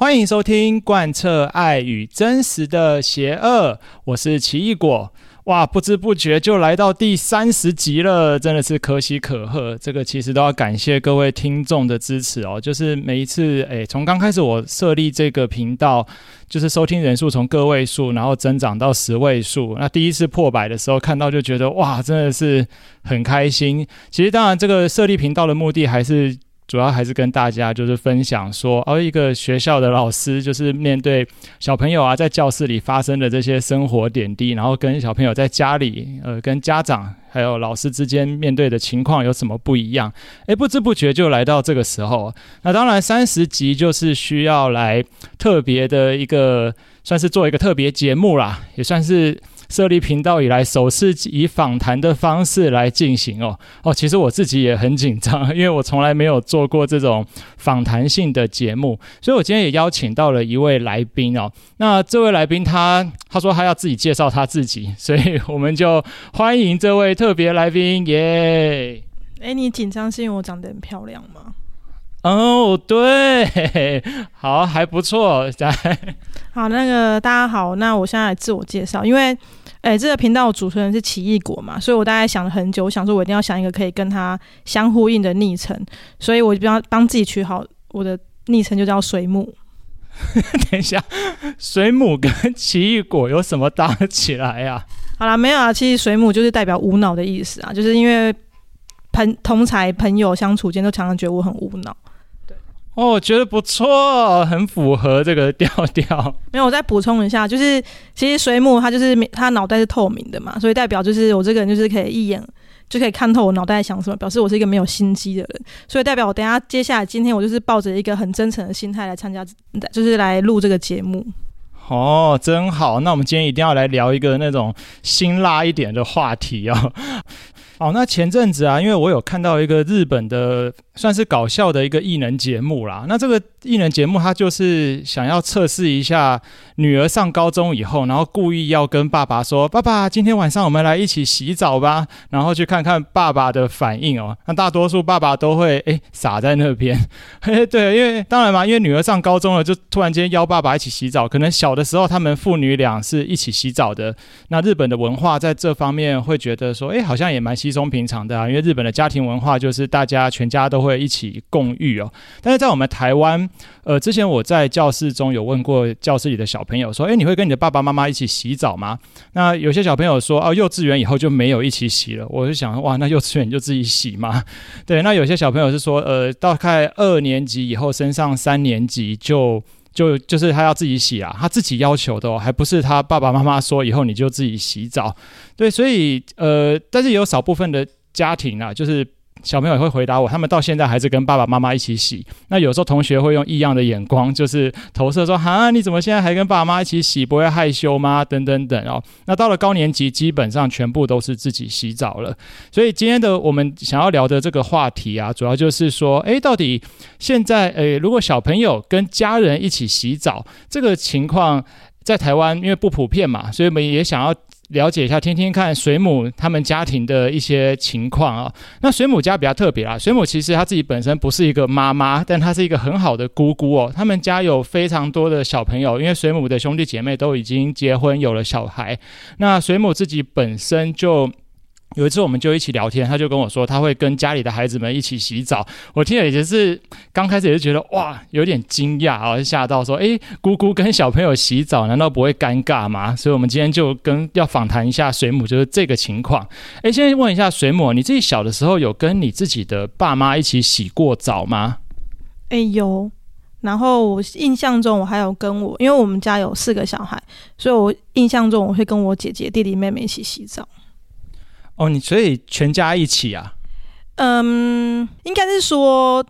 歡迎收聽《貫徹愛與真實的邪惡》，我是奇異果。哇，不知不覺就來到第三十集了，真的是可喜可賀。這個其實都要感謝各位聽眾的支持哦。就是每一次，誒，從剛開始我設立這個頻道，就是收聽人數從個位數，然後增長到十位數。那第一次破百的時候，看到就覺得哇，真的是很開心。其實當然，這個設立頻道的目的還是。主要還是跟大家就是分享說，哦，一個學校的老師就是面對小朋友啊，在教室裡發生的這些生活點滴，然後跟小朋友在家裡，呃，跟家長還有老師之間面對的情況有什麼不一樣？誒，不知不覺就來到這個時候啊。那當然，三十集就是需要來特別的一個，算是做一個特別節目啦，也算是。設立頻道以來，首次以訪談的方式來進行。哦哦，其實我自己也很緊張，因為我從來沒有做過這種訪談性的節目，所以我今天也邀請到了一位來賓哦。那這位來賓他他說他要自己介紹他自己，所以我們就歡迎這位特別來賓耶。誒、yeah! 欸、你緊張是因為我長得很漂亮嗎？哦，oh, 對，好，還不錯。再好，那個大家好，那我現在自我介紹，因為，哎，這個頻道主持人是奇異果嘛，所以我大概想了很久，我想說我一定要想一個可以跟他相呼應的昵稱，所以我就比較幫自己取好，我的昵稱就叫水母。 等一下，水母跟奇異果有什麼搭起來呀、啊？好啦，沒有啊，其實水母就是代表無腦的意思啊，就是因為。朋同才朋友相處間都常常覺得我很無腦，對哦，我覺得不錯，很符合這個調調。沒有，我再補充一下，就是其實水母它就是它腦袋是透明的嘛，所以代表就是我這個人就是可以一眼就可以看透我腦袋在想什麼，表示我是一個沒有心機的人。所以代表我等下接下來今天我就是抱着一個很真誠的心態來參加，就是來錄這個節目。哦，真好，那我們今天一定要來聊一個那種辛辣一點的話題啊，哦。哦，那前陣子啊，因為我有看到一個日本的算是搞笑的一個藝能節目啦。那這個藝能節目他就是想要測試一下女兒上高中以後，然後故意要跟爸爸說：“爸爸，今天晚上我們來一起洗澡吧。”然後去看看爸爸的反應哦。那大多數爸爸都會哎傻在那邊。嘿， 對，因為當然嘛，因為女兒上高中了，就突然間邀爸爸一起洗澡，可能小的時候他們父女倆是一起洗澡的。那日本的文化在這方面會覺得說，哎，好像也蠻喜。稀鬆平常的啊，因為日本的家庭文化就是大家全家都會一起共浴哦。但是在我們台灣，呃，之前我在教室中有問過教室裡的小朋友，說：“誒，你會跟你的爸爸媽媽一起洗澡嗎？”那有些小朋友說：“啊，幼稚園以後就沒有一起洗了。”我就想：“哇，那幼稚園你就自己洗嘛。”對，那有些小朋友是說：“呃，大概二年級以後升上三年級就。”就就是他要自己洗啊，他自己要求的。哦，還不是他爸爸媽媽說以後你就自己洗澡。對，所以呃，但是也有少部分的家庭啊，就是。小朋友也會回答我，他們到現在還是跟爸爸媽媽一起洗。那有時候同學會用異樣的眼光，就是投射說：“哈、啊、你怎麼現在還跟爸媽一起洗，不會害羞嗎？”等等等哦。那到了高年級，基本上全部都是自己洗澡了。所以今天的我們想要聊的這個話題啊，主要就是說，哎，到底現在，哎，如果小朋友跟家人一起洗澡，這個情況在台灣因為不普遍嘛，所以我們也想要。了解一下，聽聽看水母他們家庭的一些情況啊。那水母家比較特別啦，水母其實他自己本身不是一個媽媽，但他是一個很好的姑姑哦。他們家有非常多的小朋友，因為水母的兄弟姐妹都已經結婚，有了小孩。那水母自己本身就。有一次，我們就一起聊天，他就跟我說，他會跟家裡的孩子們一起洗澡。我聽了也是，剛開始也是覺得哇，有點驚訝，然後就嚇到說：“誒、欸，姑姑跟小朋友洗澡，難道不會尷尬嗎？”所以，我們今天就跟要訪談一下水母，就是這個情況。哎、欸，現在問一下水母，你自己小的時候有跟你自己的爸媽一起洗過澡嗎？哎有，然後我印象中，我還有跟我，因為我們家有四個小孩，所以我印象中我會跟我姐姐、弟弟、妹妹一起洗澡。哦，你所以全家一起啊？嗯，應該是說，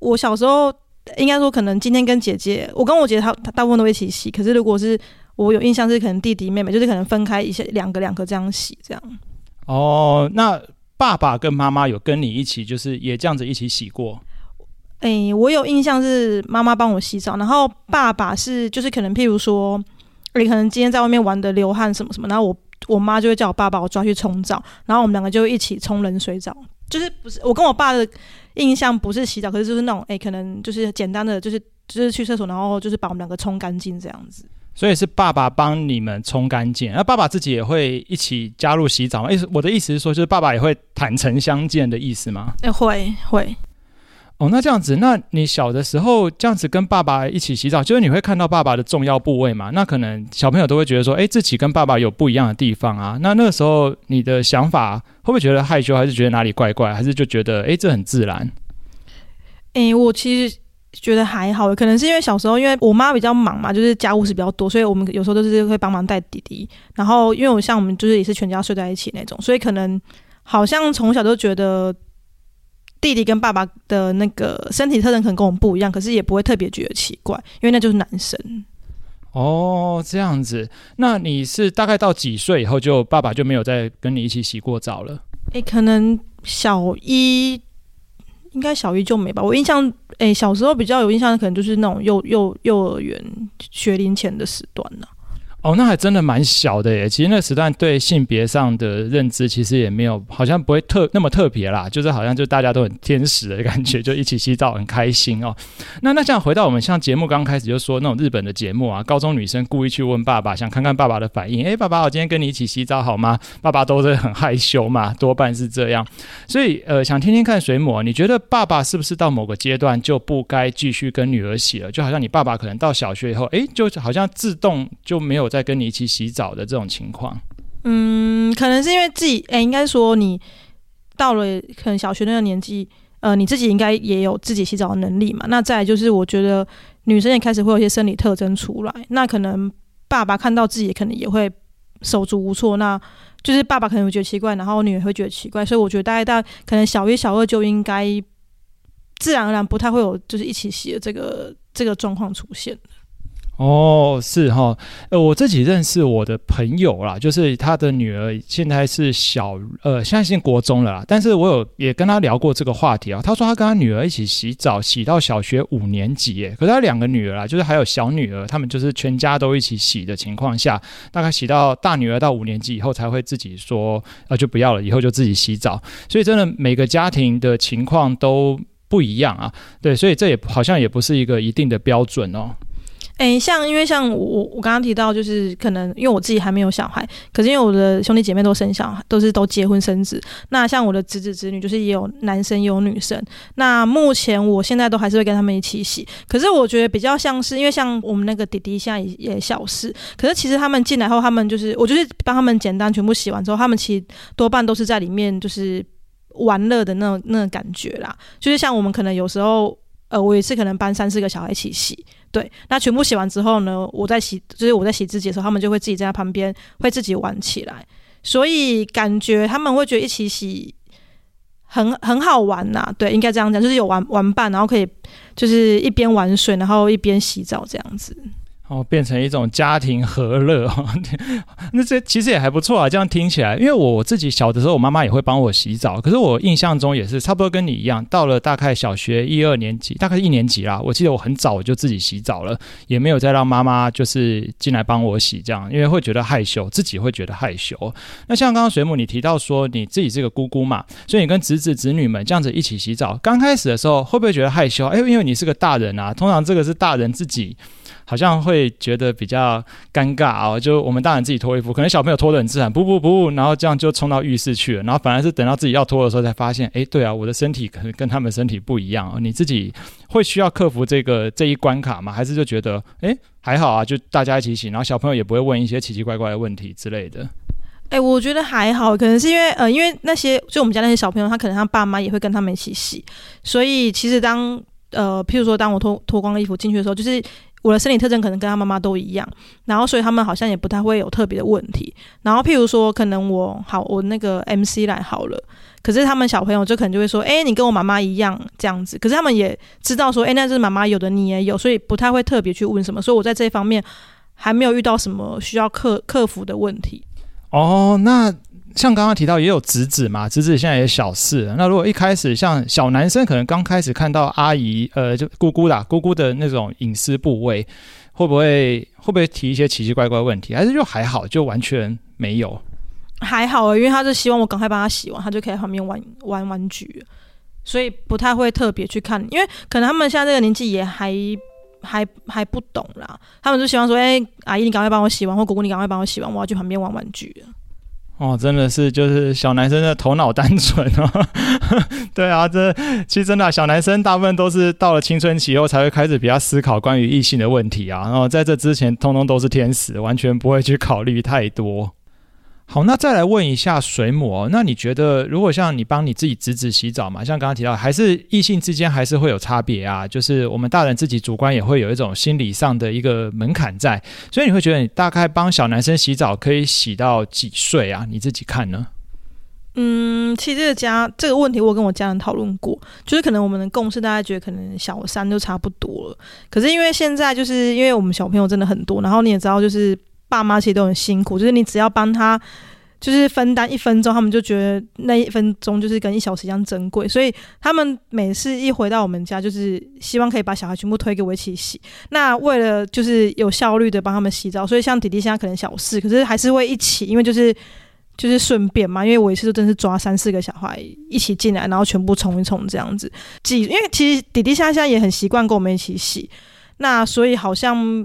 我小時候應該說可能今天跟姐姐，我跟我姐姐她、她大部分都一起洗。可是如果是我有印象是可能弟弟妹妹就是可能分開一些兩個兩個這樣洗這樣。哦，那爸爸跟媽媽有跟你一起就是也這樣子一起洗過？哎、欸，我有印象是媽媽幫我洗澡，然後爸爸是就是可能譬如說，你可能今天在外面玩的流汗什麼什麼，然後我。我媽就會叫我爸把我抓去沖澡，然後我們兩個就一起沖冷水澡。就是不是我跟我爸的印象不是洗澡，可是就是那種哎，可能就是簡單的，就是就是去廁所，然後就是把我們兩個沖乾淨這樣子。所以是爸爸幫你們沖乾淨，而、啊、爸爸自己也會一起加入洗澡嗎？意思我的意思是說，就是爸爸也會坦誠相見的意思嗎？哎，會會。哦，那這樣子，那你小的時候這樣子跟爸爸一起洗澡，就是你會看到爸爸的重要部位嘛？那可能小朋友都會覺得說，欸，自己跟爸爸有不一樣的地方啊。那那個時候你的想法會不會覺得害羞，還是覺得哪裡怪怪，還是就覺得，欸，這很自然？欸，我其實覺得還好，可能是因為小時候，因為我媽比較忙嘛，就是家務事比較多，所以我們有時候都是會幫忙帶弟弟。然後因為我像我們就是也是全家睡在一起那種，所以可能好像從小都覺得。弟弟跟爸爸的那個身體特徵可能跟我們不一樣，可是也不會特別覺得奇怪，因為那就是男生。哦，這樣子，那你是大概到幾歲以後就，就爸爸就沒有再跟你一起洗過澡了？哎、欸，可能小一，應該小一就沒吧。我印象，哎、欸，小時候比較有印象的，可能就是那種幼幼幼兒園學齡前的時段呢、啊。哦，那還真的蠻小的耶。其實那時段對性別上的認知，其實也沒有，好像不會特那麼特別啦。就是好像就大家都很天使的感覺，就一起洗澡很開心哦。那那這樣回到我們像節目剛開始就說那種日本的節目啊，高中女生故意去問爸爸，想看看爸爸的反應。哎，爸爸，哦，我今天跟你一起洗澡好嗎？爸爸都是很害羞嘛，多半是這樣。所以呃，想聽聽看水母啊，你覺得爸爸是不是到某個階段就不該繼續跟女兒洗了？就好像你爸爸可能到小學以後，哎，就好像自動就沒有在。在跟你一起洗澡的這種情況，嗯，可能是因為自己，哎、欸，應該說你到了可能小學那個年紀，呃，你自己應該也有自己洗澡的能力嘛。那再就是，我覺得女生也開始會有一些生理特徵出來，那可能爸爸看到自己也可能也會手足無措，那就是爸爸可能會覺得奇怪，然後女兒會覺得奇怪，所以我覺得大概大可能小一小二就應該自然而然不太會有就是一起洗的這個這個狀況出現。哦，是齁，呃，我自己認識我的朋友啦，就是他的女兒現在是小，呃，現在已經國中了啦。但是我有也跟他聊過這個話題啊，他說他跟他女兒一起洗澡，洗到小學五年級耶。可是他兩個女兒啊，就是還有小女兒，他們就是全家都一起洗的情況下，大概洗到大女兒到五年級以後才會自己說，呃，就不要了，以後就自己洗澡。所以真的每個家庭的情況都不一樣啊，對，所以這也好像也不是一個一定的標準哦。誒、欸，像因為像我我剛剛提到，就是可能因為我自己還沒有小孩，可是因為我的兄弟姐妹都生小孩，都是都結婚生子。那像我的侄子侄女，就是也有男生也有女生。那目前我現在都還是會跟他們一起洗，可是我覺得比較像是因為像我們那個弟弟現在也也小四，可是其實他們進來後，他們就是我就是幫他們簡單全部洗完之後，他們其實多半都是在裡面就是玩樂的那種那種、個、感覺啦，就是像我們可能有時候。呃，我也是可能幫三四個小孩一起洗，對，那全部洗完之後呢，我在洗，就是我在洗自己的時候，他們就會自己在他旁邊，會自己玩起來，所以感覺他們會覺得一起洗很很好玩吶、啊，對，應該這樣講，就是有玩玩伴，然後可以就是一邊玩水，然後一邊洗澡這樣子。哦，變成一種家庭和樂，那這其實也還不錯啊，這樣聽起來，因為我自己小的時候，我媽媽也會幫我洗澡，可是我印象中也是差不多跟你一樣。到了大概小學一二年級，大概一年級啦，我記得我很早就自己洗澡了，也沒有再讓媽媽就是進來幫我洗這樣，因為會覺得害羞，自己會覺得害羞。那像剛剛水母你提到說，你自己是個姑姑嘛，所以你跟侄子、侄女們這樣子一起洗澡，剛開始的時候會不會覺得害羞？哎，因為你是個大人啊，通常這個是大人自己好像會。會覺得比較尷尬哦，就我們大人自己脫衣服，可能小朋友脫得很自然，不不不，然後這樣就衝到浴室去了，然後反而是等到自己要脫的時候才發現，哎，對啊，我的身體可能跟他們身體不一樣哦，你自己會需要克服這個這一關卡嗎？還是就覺得，哎，還好啊，就大家一起洗，然後小朋友也不會問一些奇奇怪怪的問題之類的。哎，我覺得還好，可能是因為呃，因為那些就我們家那些小朋友，他可能他爸媽也會跟他們一起洗，所以其實當。呃，譬如說，當我脫脫光了衣服進去的時候，就是我的生理特徵可能跟他媽媽都一樣，然後所以他們好像也不太會有特別的問題。然後譬如說，可能我好我那個 MC 來好了，可是他們小朋友就可能就會說，欸，你跟我媽媽一樣這樣子。可是他們也知道說，欸，那是媽媽有的，你也有，所以不太會特別去問什麼。所以我在這方面還沒有遇到什麼需要克剋服的問題。哦，那。像剛剛提到也有侄子嘛，侄子現在也小四。那如果一開始像小男生，可能剛開始看到阿姨，呃，就姑姑啦，姑姑的那種隱私部位，會不會會不會提一些奇奇怪怪問題？還是就還好，就完全沒有？還好，因為他是希望我趕快幫他洗完，他就可以旁邊玩玩玩具，所以不太會特別去看。因為可能他們現在這個年紀也還還還不懂啦，他們就希望說，哎、欸，阿姨你趕快幫我洗完，或姑姑你趕快幫我洗完，我要去旁邊玩玩具哦，真的是，就是小男生的頭腦單純啊！對啊，這其實真的、啊，小男生大部分都是到了青春期以後才會開始比較思考關於異性的問題啊。然、哦、後在這之前，通通都是天使，完全不會去考慮太多。好，那再來問一下水母哦。那你覺得，如果像你幫你自己侄子洗澡嘛，像剛剛提到，還是異性之間還是會有差別啊？就是我們大人自己主觀也會有一種心理上的一個門檻在，所以你會覺得你大概幫小男生洗澡可以洗到幾歲啊？你自己看呢？嗯，其實這個家這個問題我跟我家人討論過，就是可能我們的共識，大家覺得可能小三就差不多了。可是因為現在就是因為我們小朋友真的很多，然後你也知道就是。爸媽其實都很辛苦，就是你只要幫他，就是分擔一分鐘，他們就覺得那一分鐘就是跟一小時一樣珍貴。所以他們每次一回到我們家，就是希望可以把小孩全部推給我一起洗。那為了就是有效率的幫他們洗澡，所以像弟弟現在可能小事，可是還是會一起，因為就是就是順便嘛。因為我一次就真是抓三四個小孩一起進來，然後全部沖一沖這樣子。幾，因為其實弟弟現在現在也很習慣跟我們一起洗，那所以好像。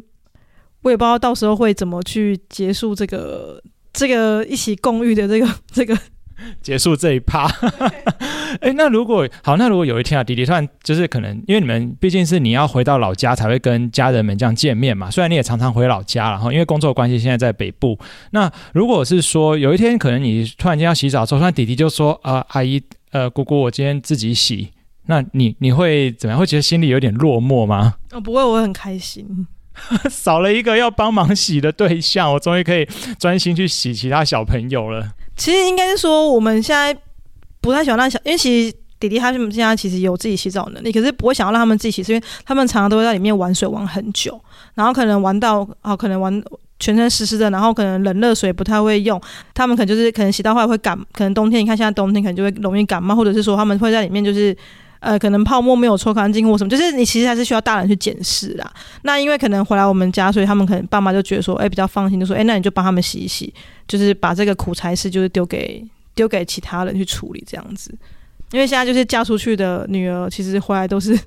我也不知道到時候會怎麼去結束這個這個一起共浴的這個這個結束這一趴。哎、 欸，那如果好，那如果有一天啊，弟弟，突然就是可能，因為你們畢竟是你要回到老家才會跟家人們這樣見面嘛。雖然你也常常回老家，然後因為工作關係現在在北部。那如果是說有一天可能你突然間要洗澡之後，那弟弟就說啊、呃，阿姨呃，姑姑，我今天自己洗。那你你會怎麼樣？會覺得心裡有點落寞嗎？哦，不會，我很開心。 少了一個要幫忙洗的對象，我終於可以專心去洗其他小朋友了。其實應該是說，我們現在不太喜歡讓小，因為其實弟弟他們現在其實有自己洗澡能力，可是不會想要讓他們自己洗，是因為他們常常都會在裡面玩水玩很久，然後可能玩到哦、啊，可能玩全身濕濕的，然後可能冷熱水不太會用，他們可能就是可能洗到後來會感，可能冬天你看現在冬天可能就會容易感冒，或者是說他們會在裡面就是。呃，可能泡沫沒有抽乾淨或什麼，就是你其實還是需要大人去檢視啦。那因為可能回來我們家，所以他們可能爸媽就覺得說，欸，比較放心，就說，欸，那你就幫他們洗一洗，就是把這個苦差事就是丟給丟給其他人去處理這樣子。因為現在就是嫁出去的女兒，其實回來都是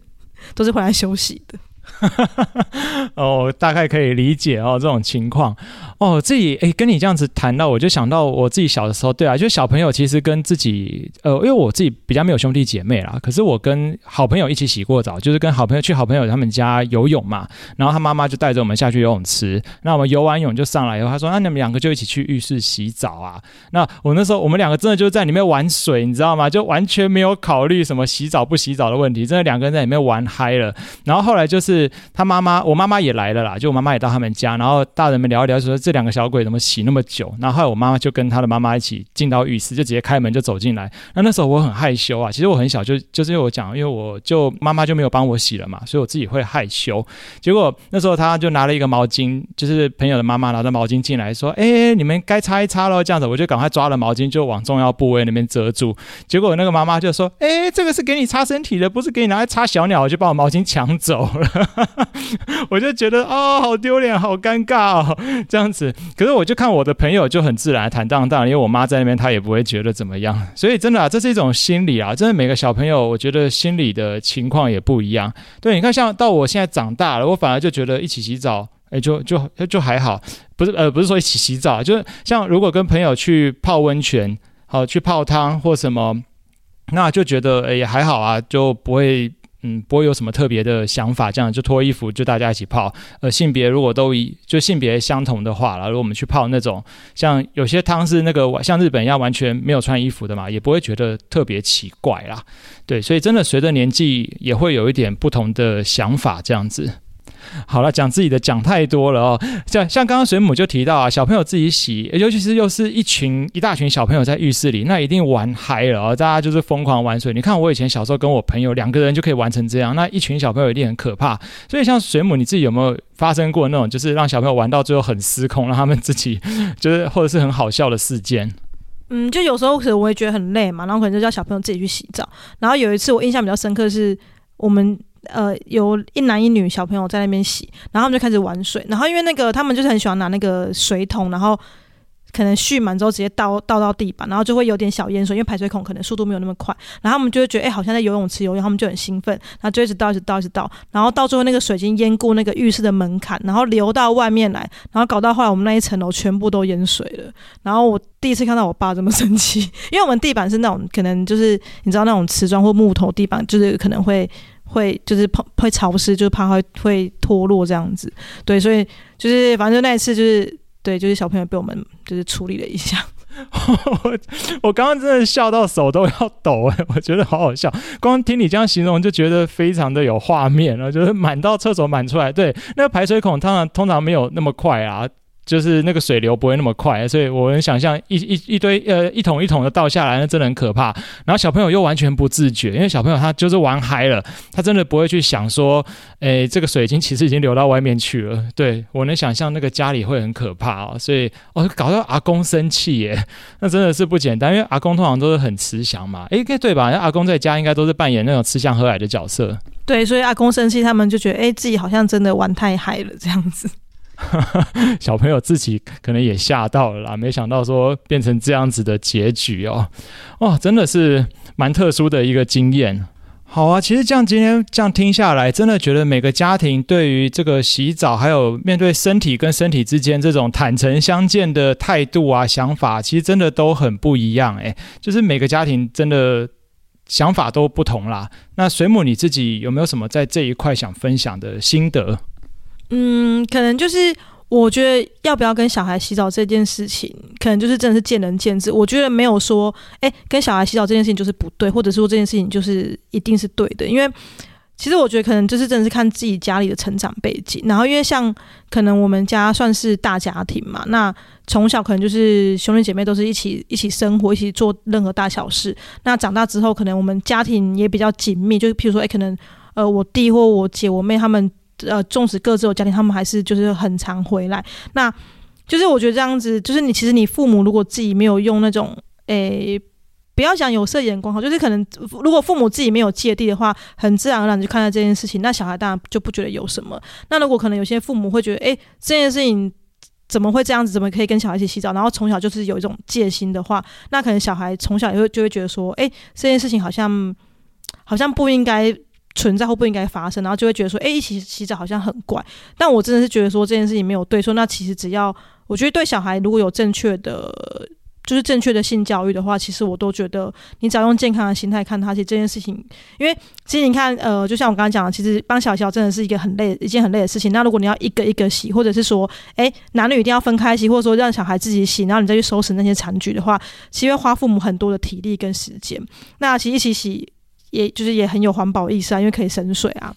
都是回來休息的。哈哈哈， 哦，大概可以理解哦，這種情況。哦，自己哎，跟你這樣子談到，我就想到我自己小的時候，對啊，就小朋友其實跟自己呃，因為我自己比較沒有兄弟姐妹啦，可是我跟好朋友一起洗過澡，就是跟好朋友去好朋友他們家游泳嘛，然後他媽媽就帶着我們下去游泳池，那我們游完泳就上來以後，他說那、啊、你們兩個就一起去浴室洗澡啊。那我那時候我們兩個真的就在裡面玩水，你知道嗎？就完全沒有考慮什麼洗澡不洗澡的問題，真的兩個人在裡面玩嗨了。然後後來就是。是他媽媽，我媽媽也來了啦，就我媽媽也到他們家，然後大人們聊一聊，說這兩個小鬼怎麼洗那麼久。然後後來我媽媽就跟她的媽媽一起進到浴室，就直接開門就走進來。那那時候我很害羞啊，其實我很小就，就就是因為我講，因為我就媽媽就沒有幫我洗了嘛，所以我自己會害羞。結果那時候她就拿了一個毛巾，就是朋友的媽媽拿着毛巾進來，說：“哎，你們該擦一擦嘍。”這樣子，我就趕快抓了毛巾就往重要部位那邊遮住。結果那個媽媽就說：“哎，這個是給你擦身體的，不是給你拿來擦小鳥。”就把我毛巾搶走了。 我就覺得啊、哦，好丟臉，好尷尬哦，這樣子。可是我就看我的朋友就很自然、坦蕩蕩，因為我媽在那邊，她也不會覺得怎麼樣。所以真的啊，這是一種心理啊，真的每個小朋友，我覺得心理的情況也不一樣。對，你看，像到我現在長大了，我反而就覺得一起洗澡，哎，就就就還好。不是呃，不是說一起洗澡，就是像如果跟朋友去泡溫泉，好、呃、去泡湯或什麼，那就覺得哎，也還好啊，就不會。嗯，不會有什麼特別的想法，這樣就脫衣服就大家一起泡。呃，性別如果都一就性別相同的話啦，如果我們去泡那種像有些湯是那個像日本一樣完全沒有穿衣服的嘛，也不會覺得特別奇怪啦。對，所以真的隨着年紀也會有一點不同的想法這樣子。好了，講自己的講太多了哦。像像剛剛水母就提到啊，小朋友自己洗，尤其是又是一群一大群小朋友在浴室裡，那一定玩嗨了哦，大家就是瘋狂玩水。你看我以前小時候跟我朋友兩個人就可以玩成這樣，那一群小朋友一定很可怕。所以像水母，你自己有沒有發生過那種就是讓小朋友玩到最後很失控，讓他們自己就是或者是很好笑的事件？嗯，就有時候可能我也覺得很累嘛，然後可能就叫小朋友自己去洗澡。然後有一次我印象比較深刻是我們。呃，有一男一女小朋友在那邊洗，然後他們就開始玩水。然後因為那個他們就是很喜歡拿那個水桶，然後可能蓄滿之後直接倒倒，到地板，然後就會有點小淹水，因為排水孔可能速度沒有那麼快。然後他們就會覺得哎、欸，好像在游泳池游泳，他們就很興奮，然後就一直倒，一直倒，一直倒。然後到最後那個水已經淹過那個浴室的門檻，然後流到外面來，然後搞到後來我們那一層樓全部都淹水了。然後我第一次看到我爸這麼生氣，因為我們地板是那種可能就是你知道那種瓷磚或木頭地板，就是可能會。會就是怕會潮濕，就是怕會會脫落這樣子，對，所以就是反正就那一次，就是對，就是小朋友被我們就是處理了一下。 我我剛剛真的笑到手都要抖欸，我覺得好好笑，光聽你這樣形容就覺得非常的有畫面啊，就是滿到廁所滿出來，對，那個排水孔它通，通常沒有那麼快啊。就是那個水流不會那麼快，所以我能想象一一一堆呃一桶一桶的倒下來，那真的很可怕。然後小朋友又完全不自覺，因為小朋友他就是玩嗨了，他真的不會去想說，哎，這個水已經其實已經流到外面去了。對我能想象那個家裡會很可怕哦，所以哦，搞到阿公生氣耶，那真的是不簡單，因為阿公通常都是很慈祥嘛，哎，該對吧？阿公在家應該都是扮演那種慈祥和藹的角色。對，所以阿公生氣，他們就覺得誒，自己好像真的玩太嗨了這樣子。 小朋友自己可能也嚇到了啦，沒想到說變成這樣子的結局哦，哇、哦，真的是蠻特殊的一個經驗。好啊，其實這樣今天這樣聽下來，真的覺得每個家庭對於這個洗澡，還有面對身體跟身體之間這種坦誠相見的態度啊，想法，其實真的都很不一樣。哎，就是每個家庭真的想法都不同啦。那水母，你自己有沒有什麼在這一塊想分享的心得？嗯，可能就是我覺得要不要跟小孩洗澡這件事情，可能就是真的是見仁見智。我覺得沒有說，哎、欸，跟小孩洗澡這件事情就是不對，或者說這件事情就是一定是對的。因為其實我覺得可能就是真的是看自己家裡的成長背景。然後因為像可能我們家算是大家庭嘛，那從小可能就是兄弟姐妹都是一起一起生活，一起做任何大小事。那長大之後，可能我們家庭也比較緊密，就是譬如說，哎、欸，可能呃我弟或我姐我妹他們。呃，縱使各自有家庭，他們還是就是很常回來。那就是我覺得這樣子，就是你其實你父母如果自己沒有用那種誒、欸，不要講有色眼光哈，就是可能如果父母自己沒有芥蒂的話，很自然而然就看到這件事情。那小孩當然就不覺得有什麼。那如果可能有些父母會覺得，哎、欸，這件事情怎麼會這樣子？怎麼可以跟小孩一起洗澡？然後從小就是有一種戒心的話，那可能小孩從小也會就會覺得說，哎、欸，這件事情好像好像不應該存在或不應該發生，然後就會覺得說，誒、欸，一起洗澡好像很怪。但我真的是覺得說這件事情沒有對錯，說那其實只要我覺得對小孩如果有正確的就是正確的性教育的話，其實我都覺得你只要用健康的心態看他，其實這件事情，因為其實你看，呃，就像我剛剛講的，其實幫小小真的是一個很累，一件很累的事情。那如果你要一個一個洗，或者是說，誒、欸，男女一定要分開洗，或者說讓小孩自己洗，然後你再去收拾那些殘局的話，其實會花父母很多的體力跟時間。那其實一起洗。也就是也很有環保意識啊，因為可以省水啊。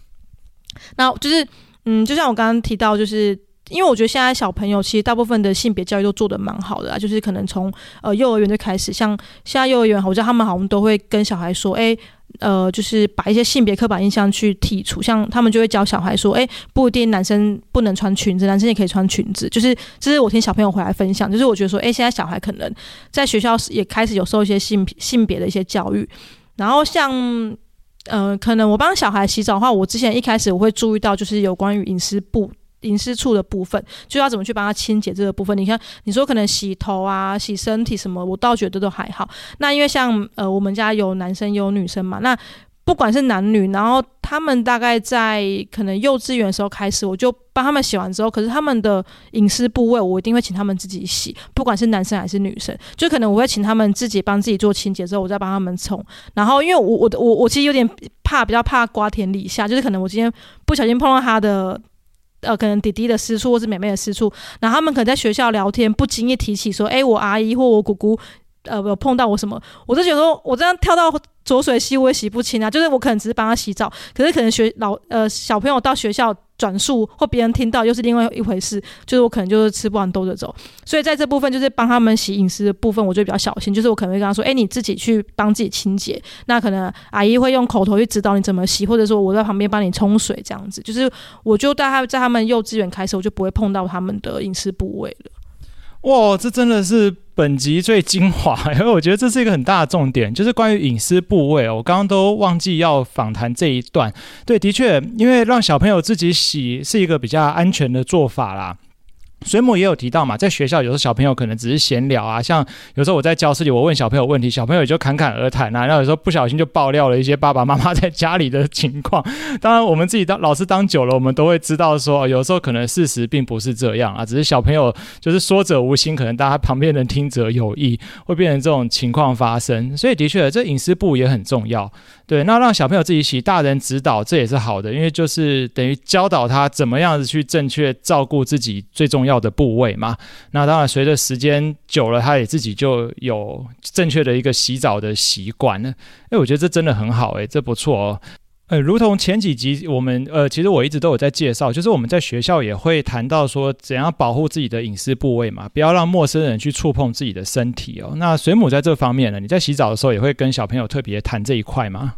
那就是，嗯，就像我剛剛提到，就是因為我覺得現在小朋友其實大部分的性別教育都做得蠻好的啊。就是可能從呃幼兒園就開始，像現在幼兒園，我知道他們好像都會跟小孩說，哎，呃，就是把一些性別刻板印象去剔除，像他們就會教小孩說，哎，不一定男生不能穿裙子，男生也可以穿裙子。就是這是我聽小朋友回來分享，就是我覺得說，哎，現在小孩可能在學校也開始有受一些性別性別的一些教育。然後像，呃，可能我幫小孩洗澡的話，我之前一開始我會注意到，就是有關於隱私部、隱私處的部分，就要怎麼去幫他清潔這個部分。你看，你說可能洗頭啊、洗身體什麼，我倒覺得都還好。那因為像呃，我們家有男生有女生嘛，那。不管是男女，然後他們大概在可能幼稚園的時候開始，我就幫他們洗完之後，可是他們的隱私部位，我一定會請他們自己洗，不管是男生還是女生，就可能我會請他們自己幫自己做清潔之後，我再幫他們沖。然後因為我我我我其實有點怕，比較怕瓜田李下，就是可能我今天不小心碰到他的呃，可能弟弟的私處或是妹妹的私處，然後他們可能在學校聊天，不經意提起說，哎、欸，我阿姨或我姑姑呃，有碰到我什麼，我就覺得說我這樣跳到。濁水溪我也洗不清啊，就是我可能只是幫他洗澡，可是可能學老呃小朋友到學校轉述或別人聽到又是另外一回事，就是我可能就是吃不完兜着走，所以在這部分就是幫他們洗隱私的部分，我就會比較小心，就是我可能會跟他說，哎、欸，你自己去幫自己清潔，那可能阿姨會用口頭去指導你怎麼洗，或者說我在旁邊幫你沖水這樣子，就是我就在他在他們幼稚園開始，我就不會碰到他們的隱私部位了。哇，這真的是本集最精華，因為我覺得這是一個很大的重點，就是關於隱私部位。我剛剛都忘記要訪談這一段。對，的確，因為讓小朋友自己洗是一個比較安全的做法啦。水母也有提到嘛，在學校有時候小朋友可能只是閒聊啊，像有時候我在教室裡，我問小朋友問題，小朋友也就侃侃而談啊，然後有時候不小心就爆料了一些爸爸媽媽在家裡的情況。當然，我們自己當老師當久了，我們都會知道說，有時候可能事實並不是這樣啊，只是小朋友就是說者無心，可能大家旁邊的聽者有意，會變成這種情況發生。所以，的確，這隱私部也很重要。對，那讓小朋友自己洗，大人指導，這也是好的，因為就是等於教導他怎麼樣子去正確照顧自己最重要的部位嘛。那當然，隨着時間久了，他也自己就有正確的一個洗澡的習慣了。誒，我覺得這真的很好，誒，這不錯哦。呃，如同前幾集我們呃，其實我一直都有在介紹，就是我們在學校也會談到說怎樣保護自己的隱私部位嘛，不要讓陌生人去觸碰自己的身體哦。那水母在這方面呢，你在洗澡的時候也會跟小朋友特別談這一塊嗎？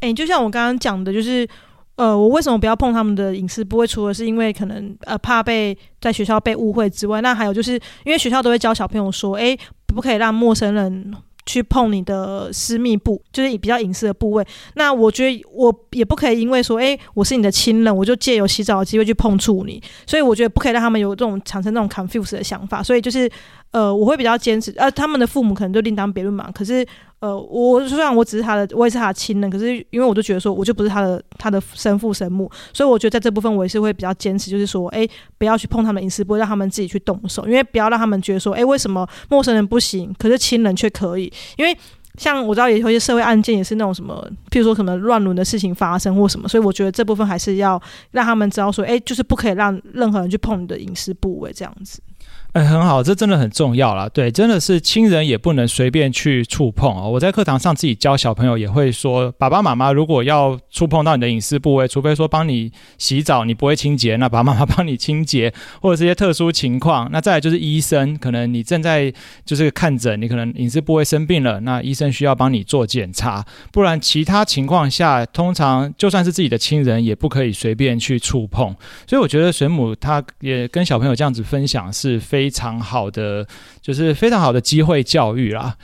誒，就像我剛剛講的，就是呃，我為什麼不要碰他們的隱私部位，除了是因為可能呃怕被在學校被誤會之外，那還有就是因為學校都會教小朋友說，誒，不可以讓陌生人。去碰你的私密部，就是比較隱私的部位。那我覺得我也不可以，因為說，哎、欸，我是你的親人，我就借由洗澡的機會去碰觸你。所以我覺得不可以讓他們有這種產生這種 confuse 的想法。所以就是，呃，我會比較堅持。呃，他們的父母可能就另當別論嘛。可是。呃，我雖然我只是他的，我也是他的親人，可是因為我就覺得說，我就不是他的他的生父生母，所以我覺得在這部分，我也是會比較堅持，就是說，哎、欸，不要去碰他們的隱私部位，讓他們自己去動手，因為不要讓他們覺得說，哎、欸，為什麼陌生人不行，可是親人卻可以？因為像我知道也有一些社會案件也是那種什麼，譬如說可能亂倫的事情發生或什麼，所以我覺得這部分還是要讓他們知道說，哎、欸，就是不可以讓任何人去碰你的隱私部位、欸、這樣子。哎，很好，這真的很重要啦。對，真的是親人也不能隨便去觸碰哦。我在課堂上自己教小朋友也會說，爸爸媽媽如果要觸碰到你的隱私部位，除非說幫你洗澡，你不會清潔，那爸爸媽媽幫你清潔，或者是一這些特殊情況。那再來就是醫生，可能你正在就是看診，你可能隱私部位生病了，那醫生需要幫你做檢查。不然其他情況下，通常就算是自己的親人，也不可以隨便去觸碰。所以我覺得水母他也跟小朋友這樣子分享是非。非常好的，就是非常好的機會教育啦，啊。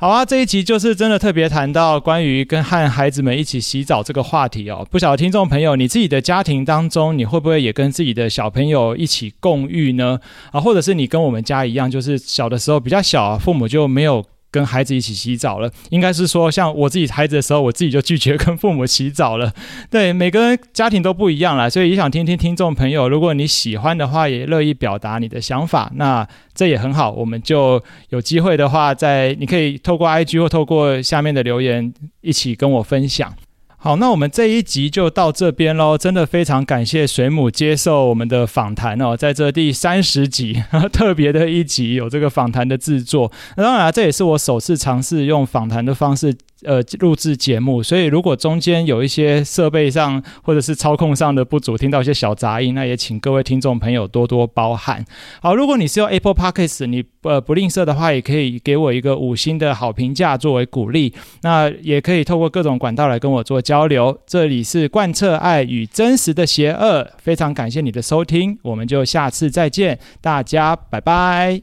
好啊，這一集就是真的特別談到關於跟和孩子們一起洗澡這個話題哦。不曉得聽眾朋友，你自己的家庭當中，你會不會也跟自己的小朋友一起共浴呢？啊，或者是你跟我們家一樣，就是小的時候比較小，父母就沒有。跟孩子一起洗澡了，應該是說像我自己孩子的時候，我自己就拒絕跟父母洗澡了。對，每個人家庭都不一樣啦，所以也想聽聽聽眾朋友，如果你喜歡的話，也樂意表達你的想法，那這也很好，我們就有機會的話，在你可以透過 IG 或透過下面的留言一起跟我分享。好，那我們這一集就到這邊嘍。真的非常感謝水母接受我們的訪談哦，在這第三十集特別的一集有這個訪談的制作。當然啊，這也是我首次嘗試用訪談的方式。呃，錄製節目，所以如果中間有一些設備上或者是操控上的不足，聽到一些小雜音，那也請各位聽眾朋友多多包涵。好，如果你是用 Apple Podcasts，你呃不吝嗇的話，也可以給我一個五星的好評價作為鼓勵。那也可以透過各種管道來跟我做交流。這裡是貫徹愛與真實的邪惡，非常感謝你的收聽，我們就下次再見，大家拜拜。